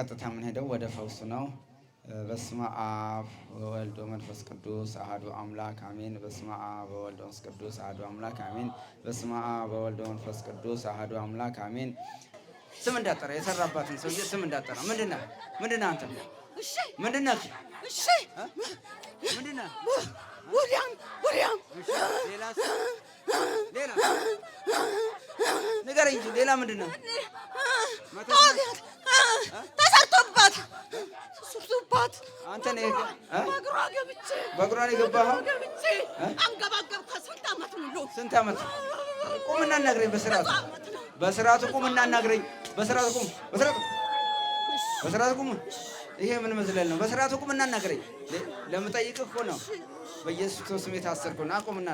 ቀጥታ የምንሄደው ወደ ፈውሱ ነው። በስመ አብ ወወልድ ወመንፈስ ቅዱስ አሐዱ አምላክ አሜን። በስመ አብ ወወልድ ወመንፈስ ቅዱስ አሐዱ አምላክ አሜን። በስመ አብ ወወልድ ወመንፈስ ቅዱስ አሐዱ አምላክ አሜን። ስም እንዳጠራ የሰራባትን ሰው ስም እንዳጠራ። ምንድን ነህ? ምንድን ነህ አንተ? ምንድን ነህ? እሺ፣ ምንድን ነህ? ውሊያም ውሊያም። ሌላ ሌላ ንገረኝ እንጂ ሌላ ምንድን ነው? ተሰርቶባት ሱሱባት አንተ ነህ በእግሯ ገብቼ በእግሯ ነው የገባኸው። ገብቼ አንገባገብታ ስንት ዓመት ሙሉ ስንት ዓመት ቁምና እናግረኝ በስርዓቱ በስርዓቱ ቁምና እናግረኝ በስርዓቱ ቁም በስርዓቱ በስርዓቱ ቁም። ይሄ ምን መዝለል ነው? በስርዓቱ ቁምና እናግረኝ። ለምጠይቅህ እኮ ነው። በኢየሱስ ክርስቶስ ስም የታሰርኩ ነው። አቁምና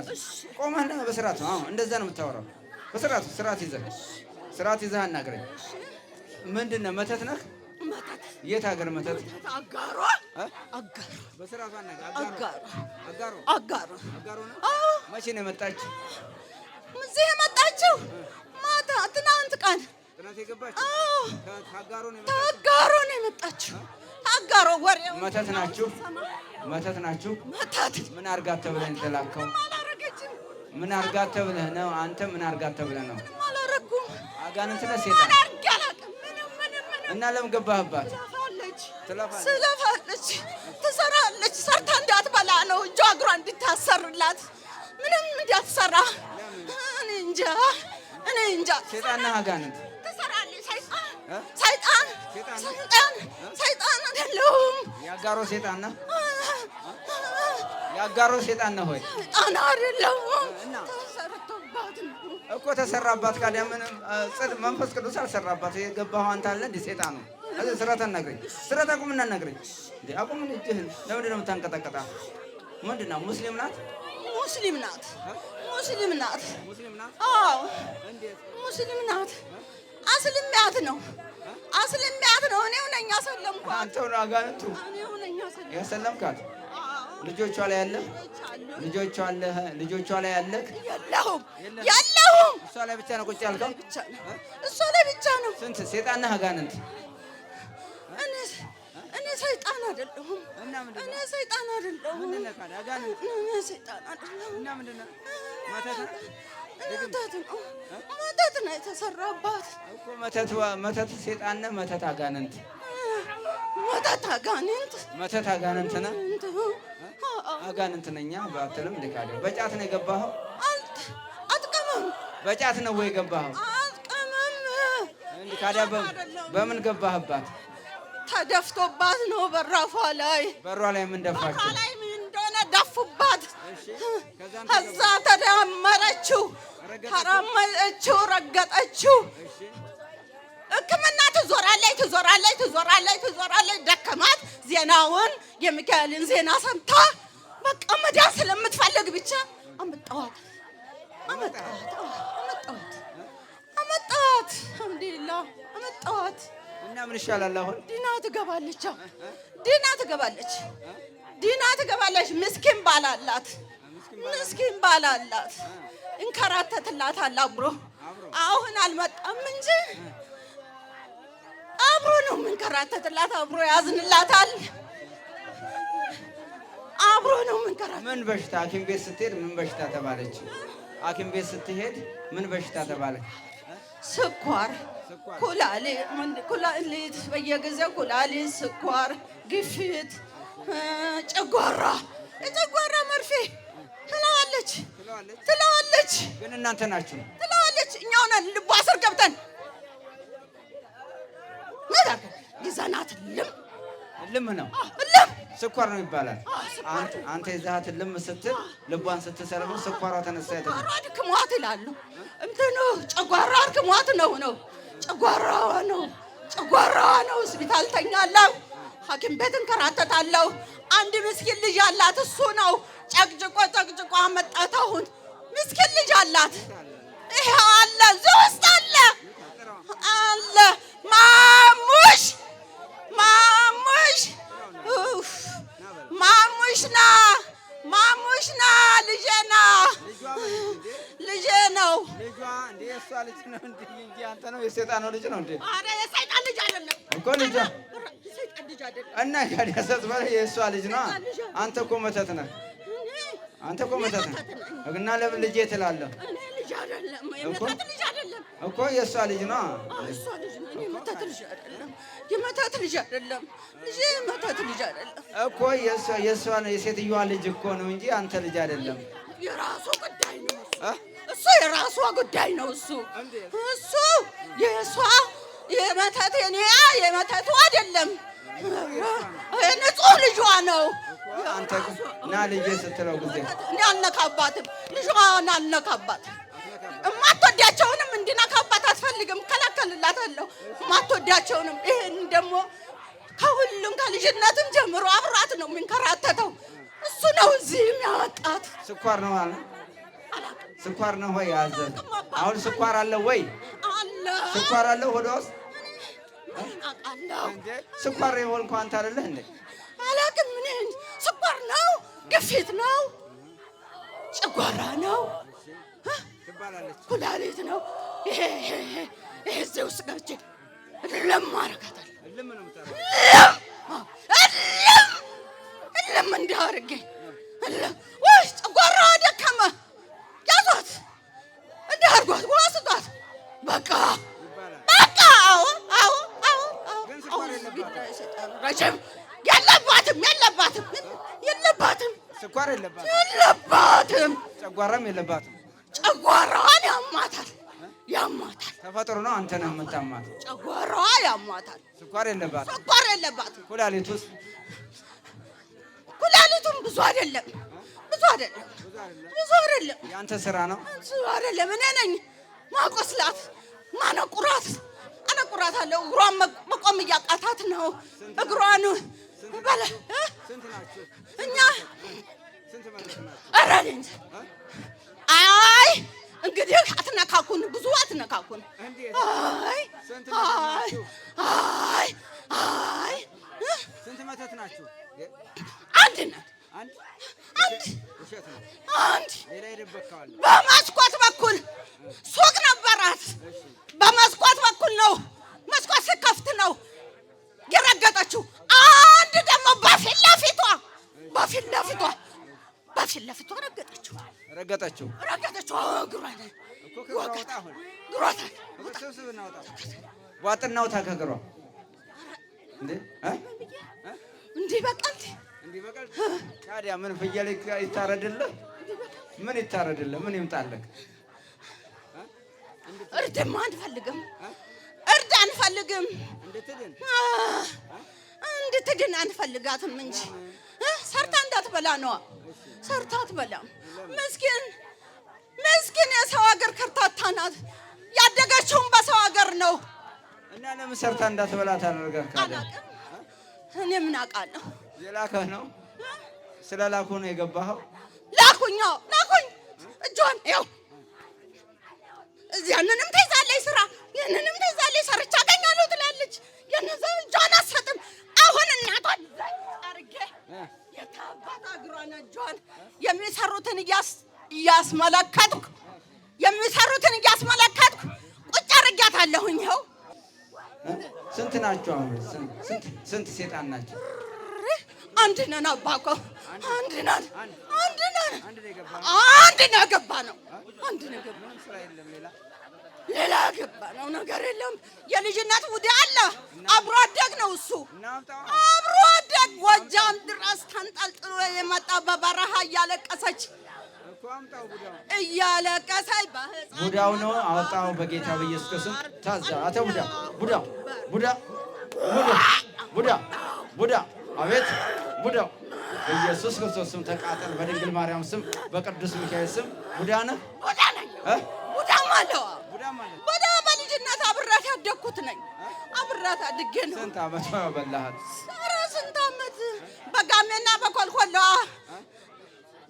ቆመና በስርዓቱ አሁን እንደዛ ነው የምታወራው። በስርዓቱ ስርዓት ይዘህ ስርዓት ይዘህ አናግረኝ። ምንድን ነህ? መተት ነህ? የት ሀገር መተት? አጋሮ በስርዓቱ አጋሮ አጋሮ መቼ ነው የመጣች? እዚህ የመጣችው ማታ ትናንት ቀን ታጋሮ ነው የመጣችው። አጋሮ ወሬ መተት ናችሁ? መተት ናችሁ? መተት ምን አድርጋት ተብለህ ነው የተላከው? ምን አድርጋት ተብለህ ነው? አንተ ምን አድርጋት ተብለህ ነው? አላረጉም። አጋንንት ነህ? ሴጣን እና ለምን ገባህባት? ትለፋለች፣ ትሰራለች። ሰርታ እንዳትበላ ነው እጇ እግሯ እንድታሰርላት ምንም እንዳትሰራ እኔ እንጃ፣ እኔ እንጃ። ሴጣንና አጋንንት ሰይጣን ሰይጣን ሰይጣን አይደለሁም። የአጋሮ ሴጣን ነህ፣ የአጋሮ ሴጣን ነህ ወይ? ሰይጣን አይደለሁም እኮ ተሰራባት። ካዲያ ምንም ጽድ መንፈስ ቅዱስ አልሰራባት። የገባኸው አንተ አለ እንደ ሴጣኑ ስረተን ነግረኝ፣ ስረተ ቁምና ነግረኝ። እንደ አቁም እጅህን ለምንድን ነው የምታንቀጠቀጣ? ምንድን ነው ሙስሊም ናት? ሙስሊም ናት። ሙስሊም ናት። አዎ ሙስሊም ናት። አስልሚያት ነው አስልሚያት ነው። እኔው ነኝ አሰለምኳት። አንተው ነው አጋንንቱ ያሰለምካት ልጆቿ ላይ አለ ልጆቿ አለ ልጆቿ ላይ አለ የለሁም የለሁም። እሷ ላይ ብቻ ነው ቁጭ ያልከው፣ እሷ ላይ ብቻ ነው። ስንት ሴጣን አጋንንት። እኔ እኔ ሰይጣን አይደለሁም። እኔ ሰይጣን አይደለሁም። መተት ነው የተሰራባት መተት መተት ሴጣን ነህ። መተት አጋንንት መተት አጋንንት መተት አጋንንት ነህ አጋንንት ነኝ ባትልም ልካደ በጫት ነው የገባኸው? አጥቀምም። በጫት ነው ወይ የገባኸው? አጥቀምም። እንዲህ ካዲያ በምን ገባህባት? ተደፍቶባት ነው በራፏ ላይ። በሯ ላይ ምን ደፋችሁ? በሯ ላይ ምን እንደሆነ ደፉባት። ከዛ ተዳመረችው፣ ተራመደችው፣ ረገጠችው። ሕክምና ትዞራለች ትዞራለች ትዞራለች ትዞራለች። ደከማት። ዜናውን የሚካኤልን ዜና ሰምታ በቃ መዳን ስለምትፈልግ ብቻ አመጣኋት አመጣኋት አመጣኋት አመጣኋት አልሐምዱሊላህ አመጣኋት። እና ምን ይሻላል አሁን? ዲና ትገባለች፣ ዲና ትገባለች፣ ዲና ትገባለች። ምስኪን ባል ምስኪን ባል እንከራተትላታል አብሮ። አሁን አልመጣም እንጂ አብሮ ነው የምንከራተትላት፣ አብሮ ያዝንላታል። አብሮ ነው የምንከራተት። ምን በሽታ ሐኪም ቤት ስትሄድ ምን በሽታ ተባለች? ሐኪም ቤት ስትሄድ ምን በሽታ ተባለች? ስኳር፣ ኩላሊት፣ በየጊዜው ኩላሊት፣ ስኳር፣ ግፊት፣ ጨጓራ የጨጓራ መርፌ ትለዋለች ትለዋለች። ግን እናንተ ናችሁ ትለዋለች። እኛው ነን ልቧ ስር ገብተን ይዘናት ልም ልም ነው ስኳር ነው ይባላል። አንተ የዛህት ልም ስትል ልቧን ስትሰረሙ ስኳሯ ተነሳ የተባለ አድክሟት ይላሉ። እንትኑ ጨጓራ አድክሟት ነው ነው ጨጓራዋ ነው ጨጓራዋ ነው። ሆስፒታል ተኛለሁ፣ ሐኪም ቤት እንከራተታለሁ። አንድ ምስኪን ልጅ አላት። እሱ ነው ጨቅጭቆ ጨቅጭቆ አመጣት። ምስኪን ልጅ አላት። የሰይጣኑ ልጅ ነው እንዴ? አረ የሰይጣን ልጅ አይደለም እኮ ልጅ እና ታዲያ ስትበላ የእሷ ልጅ ነው። አንተ እኮ መተት ነህ። አንተ እኮ መተት ነህ እና ለምን ልጄ ትላለህ? እኮ የእሷ ልጅ ነው። የመተት ልጅ አይደለም እኮ የሴትዮዋ ልጅ እኮ ነው እንጂ አንተ ልጅ አይደለም። የራሱ ጉዳይ ነው እሱ የራሷ ጉዳይ ነው። እሱ እሱ የሷ የመተት የኔ የመተቱ አይደለም፣ ንጹህ ልጇ ነው። አንተ ና ልጄ ስትለው ጊዜ እንዳልነካባትም ልጇን አልነካባት። እማትወዳቸውንም እንዲነካባት አትፈልግም። ከላከልላታለሁ። እማትወዳቸውንም። ይሄን ደግሞ ከሁሉም ከልጅነትም ጀምሮ አብራት ነው የሚንከራተተው። እሱ ነው እዚህ የሚያወጣት። ስኳር ነው ማለት ነው ስኳር ነው ሆይ ያዘ? አሁን ስኳር አለ ወይ? አለ ስኳር አለ ሆድ ውስጥ ስኳር የሆን እንኳን አንተ አይደለህ እንዴ? አላውቅም። ምን ስኳር ነው? ግፊት ነው? ጨጓራ ነው? ኩላሊት ነው? ይሄ እዚህ ውስጥ ገብቼ እልም አደርጋታለሁ። እልም እልም እንዲህ አድርጌ እልም። ወይ ጨጓራ ደከመ አድርጓት፣ ወስዷት። በቃ በቃ። አዎ አዎ አዎ አዎ። ረጅም የለባትም፣ የለባትም፣ የለባትም፣ ስኳር የለባትም፣ ጨጓራም የለባትም። ጨጓራዋን ያማታል ያማታል። ተፈጥሮ ነው። አንተ ነህ የምታማት። ጨጓራ ያማታል። ስኳር የለባትም፣ ስኳር የለባትም። ኩላሊቱስ? ኩላሊቱም ብዙ አይደለም ብዙ አይደለም፣ ብዙ አይደለም። ያንተ ስራ ነው። ብዙ አይደለም። እኔ ነኝ ማቆስላት፣ ማነቁራት፣ አነቁራት አለ። እግሯን መቆም እያቃታት ነው። እግሯን በለ እኛ ኧረ እኔ እንጃ። አይ እንግዲህ አትነካኩን፣ ብዙ አትነካኩን። አይ አይ አይ አይ ስንት አንድ ናት አንድ አንድ በመስኮት በኩል ሱቅ ነበራት። በመስኮት በኩል ነው፣ መስኮት ስከፍት ነው የረገጠችው። አንድ ደግሞ በፊት ለፊቷ በፊት ለፊቷ በፊት ለፊቷ ረገጠችው ረገጠችው ረገጠችው። ዋጥናውታ ከግሯ እንዲህ በቃ እንዲህ ቢበቃል ታዲያ ምን ፍየል ይታረድልህ? ምን ይታረድልህ? ምን ይምጣልህ? እርድማ አንፈልግም፣ እርድ አንፈልግም፣ እንድትድን አንፈልጋትም እንጂ ሰርታ እንዳትበላ ነዋ። ሰርታ አትበላም። ምስኪን ምስኪን የሰው ሀገር ከርታታ ናት። ያደገችውም በሰው ሀገር ነው እና ለምን ሰርታ እንዳትበላ ታደርጋት? እኔ ምን አውቃለሁ? የላከህ ነው? ስለ ላኩ ነው የገባኸው? ላኩኝ፣ ላኩኝ። እጇን ያው ያንንም ትይዛለች፣ ስራ ያንንም ትይዛለች፣ ሰርቼ አገኛለሁ ትላለች። የነዛ እጇን አትሰጥም። አሁን እናቷ አርጌ የታባት እግሯን እጇን የሚሰሩትን እያስመለከትኩ የሚሰሩትን እያስመለከትኩ ቁጭ አርጊያታለሁኝ። ይኸው ስንት ናቸው? አሁን ስንት ሴጣን ናቸው? አንድ ነን አባቆ አንድ ነን አንድ ነን አንድ ነው ያገባ ነው አንድ ነው ያገባ ሌላ ያገባ ነው ነገር የለም። የልጅነት ውዴ አለ አብሮ አደግ ነው እሱ አብሮ አደግ ጎጃም ድረስ ተንጠልጥሎ የመጣ በበረሃ እያለቀሰች እያለቀሰች ቡዳው ነው አውጣው በጌታ በኢየሱስ ክርስቶስ ታዛ አተ ቡዳ ቡዳ ቡዳ ቡዳ ቡዳ አቤት ጉዳው በኢየሱስ ክርስቶስ ስም ተቃጠል። በድንግል ማርያም ስም በቅዱስ ሚካኤል ስም ቡዳ ነህ። ቡዳ ነኝ። ቡዳም አለዋ ቡዳ በልጅነት አብራት ያደግኩት ነኝ። አብራት አድጌ ነው። ስንት ዓመት በላሃት? ኧረ ስንት ዓመት በጋሜና በኮልኮለዋ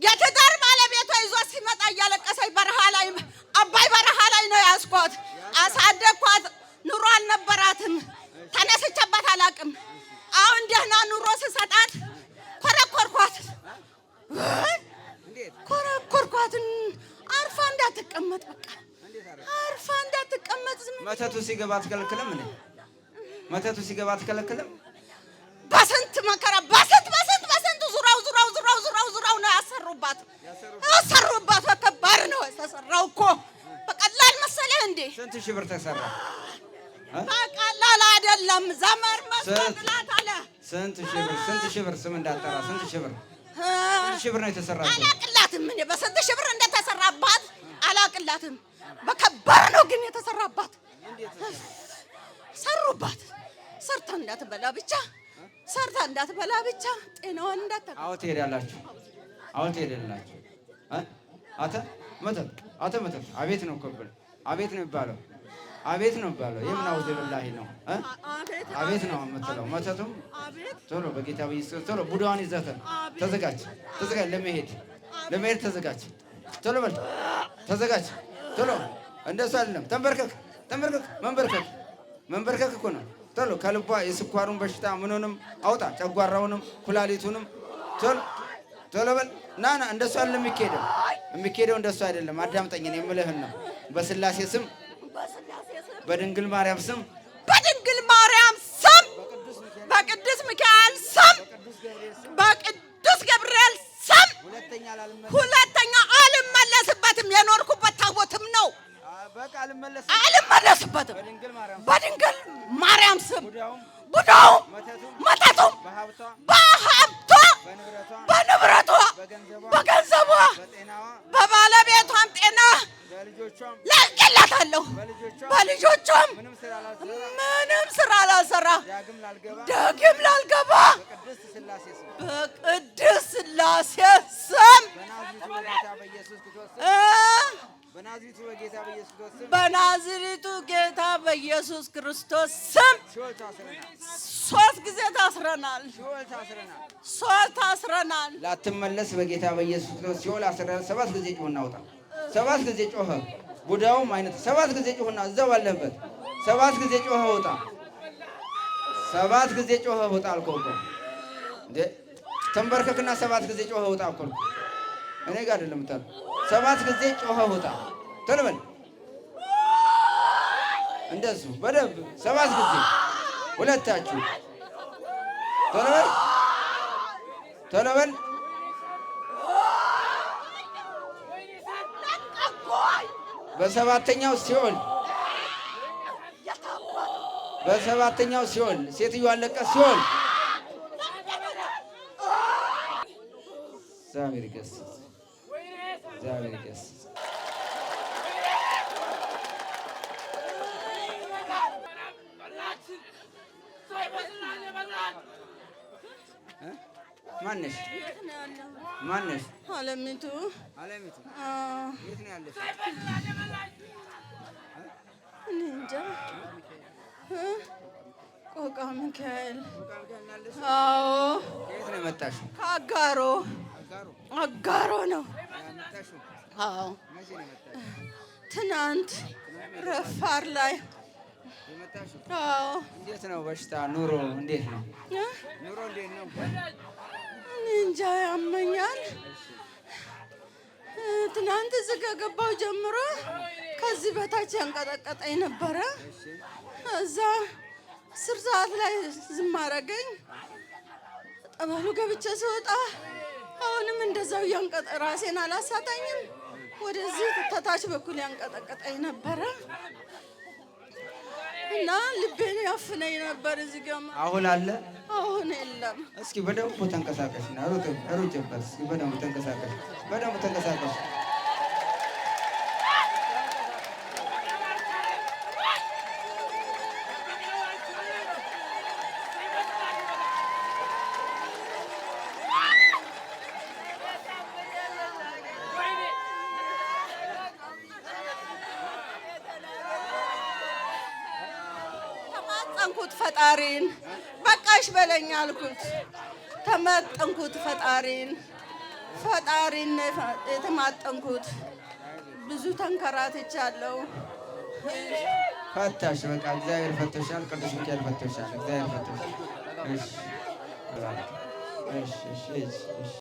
የትዳር ባለቤቷ ይዞ ሲመጣ እያለቀሰኝ በረሃ ላይ አባይ በረሃ ላይ ነው ያስኳት። አሳደግኳት። ኑሮ አልነበራትም። ተነስቼበት አላውቅም። አሁን ደህና ኑሮ ስሰጣት ኮረኮርኳት ኮረኮርኳትን አርፋ እንዳትቀመጥ በቃ አርፋ እንዳትቀመጥ። መተቱ ሲገባ አትከለክልም እ መተቱ ሲገባ አትከለክልም። በስንት መከራ በስንት በስንት በስንት ዙራው ዙራው ዙራው ዙራው ዙራው ነው ያሰሩባት ያሰሩባት። በከባድ ነው የተሰራው እኮ በቀላል መሰለህ እንዴ? ስንት ሺህ ብር ተሰራ። በቀላል አይደለም። ዘመድ መስጠት ስንት ሽብር ስንት ሽብር ስም እንዳጠራ ስንት ሽብር ስንት ሽብር ነው የተሰራ? አላቅላትም። እኔ በስንት ሽብር እንደተሰራባት አላቅላትም። በከባድ ነው ግን የተሰራባት። ሰሩባት ሰርታ እንዳትበላ ብቻ ሰርታ እንዳትበላ ብቻ ጤናዋን እንዳታ አዎ፣ ትሄዳላችሁ። አዎ፣ ትሄዳላችሁ። አተ መተት አተ መተት አቤት ነው ኮብል አቤት ነው የሚባለው አቤት ነው ባለው የምን አውዝ ብላሂ ነው አቤት ነው የምትለው። መተቱም ቶሎ በጌታ በኢየሱስ ቶሎ ቡዳዋን ይዘህ ተዘጋጅ፣ ተዘጋጅ ለመሄድ ለመሄድ ተዘጋጅ፣ ቶሎ በል ተዘጋጅ፣ ቶሎ እንደሱ አይደለም። ተንበርከክ ተንበርከክ፣ መንበርከክ መንበርከክ እኮ ነው። ቶሎ ከልቧ የስኳሩን በሽታ ምኑንም አውጣ፣ ጨጓራውንም ኩላሊቱንም ቶሎ ቶሎ በል ና ና። እንደሱ አይደለም የሚካሄደው፣ የሚካሄደው እንደሱ አይደለም። አዳምጠኝን የምልህን ነው በስላሴ ስም በድንግል ማርያም ስም በድንግል ማርያም ስም በቅዱስ ሚካኤል ስም በቅዱስ ገብርኤል ስም ሁለተኛ አልመለስበትም። የኖርኩበት ታቦትም ነው። አልመለስበትም። በድንግል ማርያም ስም ቡዳውም መተቱም በሀብቷ በንብረቷ፣ በገንዘቧ፣ በባለቤቷም ጤና ለቅላታለሁ። በልጆቿም ምንም ስራ አላሰራ ዳግም ላልገባ በቅድስት ሥላሴ ስም በናዝሪቱ ጌታ በኢየሱስ ክርስቶስ ስም ሶስት ጊዜ ታስረናል። ሶል ታስረናል። ላትመለስ በጌታ በኢየሱስ ክርስቶስ ሲኦል አስረናል። ሰባት ጊዜ ጮህ እናውጣ። ሰባት ጊዜ ጮኸ። ቡዳውም አይነት ሰባት ጊዜ ጮህና እዛው ባለህበት ሰባት ጊዜ ጮኸ ውጣ። ሰባት ጊዜ ጮኸ ውጣ አልከው እኮ ተንበርከክና ሰባት ጊዜ ጮኸ ውጣ እኮ እኔ ጋር አይደለም ታል ሰባት ጊዜ ጮኸ ውጣ ተልበል እንደሱ በደንብ ሰባት ጊዜ ሁለታችሁ ቶሎ በል ቶሎ በል በሰባተኛው ሲኦል በሰባተኛው ሲኦል ሴትዮ አለቀ ሲኦል እግዚአብሔር ይገስጽ እግዚአብሔር ይገስጽ ማነሽ? ማነሽ? አለሚቱ አለሚቱ። የት ነው ያለሽ? እኔ እንጃ። ቆቃ ሚካኤል። አዎ። የት ነው የመጣሽው? ከአጋሮ አጋሮ ነው። አዎ። ትናንት ረፋር ላይ አዎ። እንዴት ነው በሽታ ኑሮ እንዴት ነው ኑሮ እንዴት ነው? እንጃ ያመኛል። ትናንት እዚህ ከገባሁ ጀምሮ ከዚህ በታች ያንቀጠቀጠኝ ነበረ። እዛ ስር ሰዓት ላይ ዝም ጠባሉ ጠበሉ ገብቼ ስወጣ አሁንም እንደዛው ያንቀጠ ራሴን አላሳጠኝም ወደዚህ ተታች በኩል ያንቀጠቀጠኝ ነበረ። እና ልቤን ያፍነኝ ነበር። እዚህ ገማ አሁን አለ አሁን የለም። እስኪ በደንብ ተንቀሳቀሽ እና ሩጭበት። እስኪ በደንብ ተንቀሳቀሽ፣ በደንብ ተንቀሳቀሽ ተማጠንኩት ፈጣሪን በቃሽ በለኝ አልኩት። ተመጠንኩት ፈጣሪን ፈጣሪን የተማጠንኩት ብዙ ተንከራትቻለሁ። ፈታሽ በቃ እግዚአብሔር ፈቶሻል። ቅዱስ ሚካኤል ፈቶሻል። እግዚአብሔር ፈቶሻል።